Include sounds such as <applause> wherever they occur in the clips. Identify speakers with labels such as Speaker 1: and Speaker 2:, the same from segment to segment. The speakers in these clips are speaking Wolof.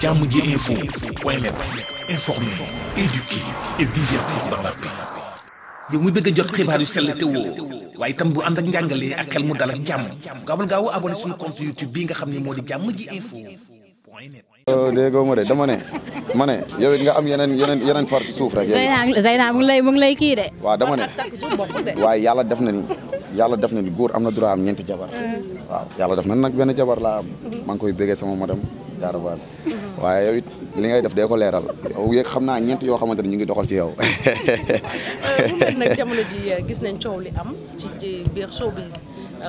Speaker 1: jàmm ji info point net informer, éduquer et divertir dans la paix. yow mi bëgg a jot xibaar yu sell te woo waaye itam bu ànd ak njàngalee ak xel mu dal ak jàmm gaawal gaaw abonné suñu compte YouTube bii nga xam ne moo di jàmm ji info point net. déggoo ma de dama ne ma ne yow it nga am yeneen yeneen yeneen far ci suuf rek. Zeyna Zeyna mu ngi lay mu ngi lay kii de. waaw dama ne waaye yàlla def na ni yàlla def na ni góor am na droit am ñeenti jabar mm. waaw yàlla def na nag benn jabar laa am maa ngi koy bëggee sama madame. Carapace waaye yow it li ngay def dee ko leeral yow yeeg xam naa ñeent yoo xamante ne ñu ngi doxal ci yow. mu euh, mel nag jamono ji euh, gis nañ coow li am ci biir showbiz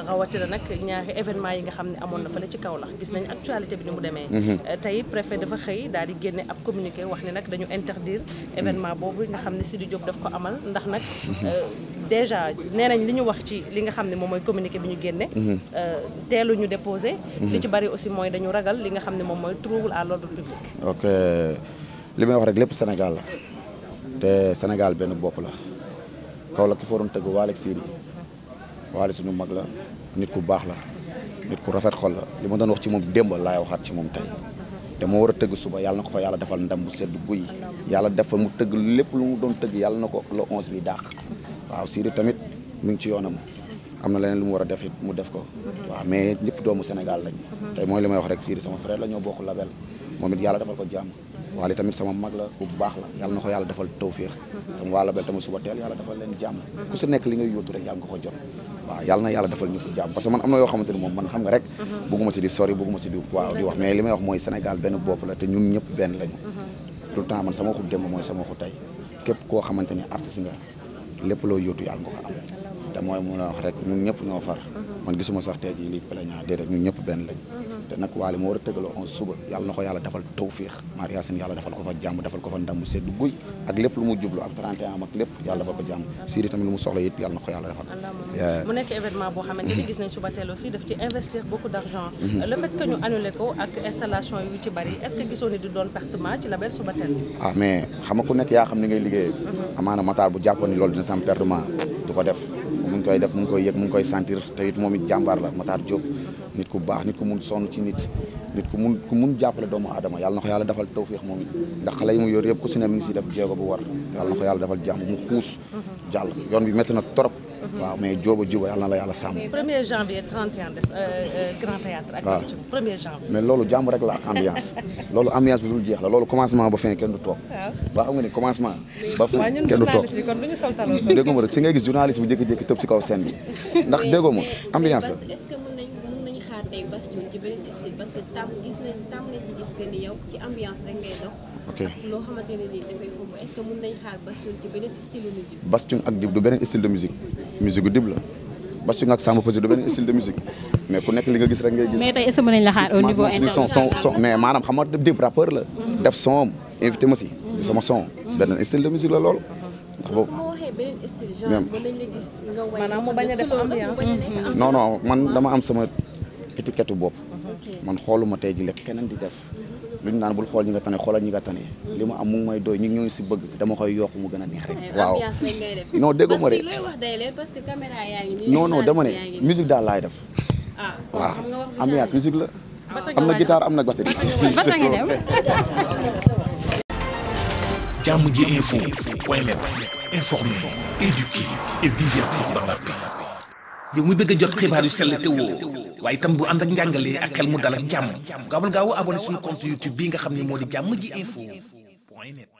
Speaker 1: rawatina nag ñaari événement yi nga xam ne amoon na fa fële ci kaw Kaolack gis nañ actualité bi ni mu demee. Mhm. Euh, tey préfet dafa xëy daal di génne ab communiqué wax ni nag dañu interdire événement boobu nga xam ne si Sidi Diop daf ko amal ndax nag. Mhm. déjà nee nañ li ñu wax ci li nga xam ne moom mooy communiqué bi ñu génne. Mhm. Euh, teelu ñu déposé. Mhm. li ci bari aussi mooy dañu ragal li nga xam ne moom mooy trouble à l'ordre may wax rek lépp Sénégal la te Sénégal benn bopp la Kaolack ki forum tëgg Waly Sidi Waly suñu mag la nit ku baax la nit ku rafet xol la li ma doon wax ci moom démb laay waxaat ci moom tey. te moo war a tëgg suba yàlla na ko fa yàlla defal ndam bu sedd guy yàlla def defal mu tëgg lépp lu mu doon tëgg yàlla na ko le waaw Sidi tamit mu ngi ci yoonam am na leneen lu mu war a def mu def ko waaw mais ñëpp doomu Sénégal lañ tey mooy li may wax rek Sidi sama frère la ñoo bokk label moom it yàlla defal ko jàmm waale tamit sama mag la baax la yàlla na ko yàlla defal tawféex sama waa label tamit suba teel yàlla defal leen jàmm ku si li ngay yóotu rek yàlla nga ko jot na yàlla defal ñëpp jàmm parce que yoo xamante ni moom man xam nga rek bugguma si di sori bugguma si di waaw di wax mais li mooy Sénégal benn bopp la te ñun ñëpp benn lañu tout le temps man sama xut démb mooy sama xut tey képp koo xamante ni artiste nga lépp loo yóotu yàlla nga te mooy mun a wax rek ñun ñëpp ñoo far mhm. man gisuma sax tey jii lii plaignant déedéet ñun ñëpp benn lañ mhm. te nag waale moo war a tëgaloo on suba yàlla na ko yàlla defal tawféex Mar Yacine yàlla defal ko fa jàmm defal ko fa ndam seddu guy mhm. ak lépp lu mu jublu ak 31 am ak lépp yàlla defal ko jàmm Siri tamit lu mu soxla it yàlla na ko yàlla defal mu nekk événement boo xamante gis nañ suba teel aussi daf ci investir beaucoup d'argent le fait que ñu annulé ko ah, mais xam nga ku nekk yaa xam ni ngay liggéey amaana Matar bu jàppoon ni loolu dina sam pertement du ko def ngi koy def mu ngi koy yëg mu ngi koy sentir te it moom it jàmbaar la ma Matar Diop nit ku baax nit ku mun sonn ci nit nit ku mun mun jàppale doomu aadama yàlla na ko yàlla defal tawféex moom it ndax xale yi mu yor yëpp ku si ne mi ngi si def jéego bu war yàlla na ko yàlla defal jàmm mu xuus jàll yoon bi métti na trop waaw mais jooba juba yàlla na la yàlla sàmm. 1 euh, euh, mais loolu jàmm rek la ambiance <laughs> loolu ambiance bi dul jeex la loolu commencement ba fin kenn du toog. waaw xam nga ni commencement. ba fin kenn du toog waaw ñun journaliste <laughs> déggoo ma rek si ngay gis journaliste bu jékki-jékki tëb ci kaw seen bi <laughs> ndax déggoo ma ambiance la. tey Bass Thioung ci beneen style parce que tam gis nañ tam nañ ci gis que ni ci ambiance rek ngay dox. ok loo xamante ne nii dafay foofu est nañ xaar Bass Thioung ci beneen style du beneen style de musique. musique la. Bass Thioung ak Samba Peuzzi du beneen mais ku nekk li nga gis rek ngay gis. mais tey est-ce que mën nañ la xaar au niveau la. Mhm. def son am di mhm. sama son de musique la lool. man dama am sama. étiquette bopp man xooluma tey ji lekk keneen di def lu ñu naan bul xool ñi nga tane xoolal ñi nga tane li ma am mu ngi may doy ñu ngi ñoo si bëgg dama koy yokk mu gën a neex rek waaw non déggoo ma rek non non dama ne musique daal laay def ah, waaw ambiance musique la am na guitare am na batterie <laughs> yow mu bëgg a jot xibaar yu sell te woo waaye itam bu ànd ak njàngalee ak xel mu dal ak jàmm gaawal gaaw abonné suñu compte YouTube bii nga xam ne moo di jàmm ji info point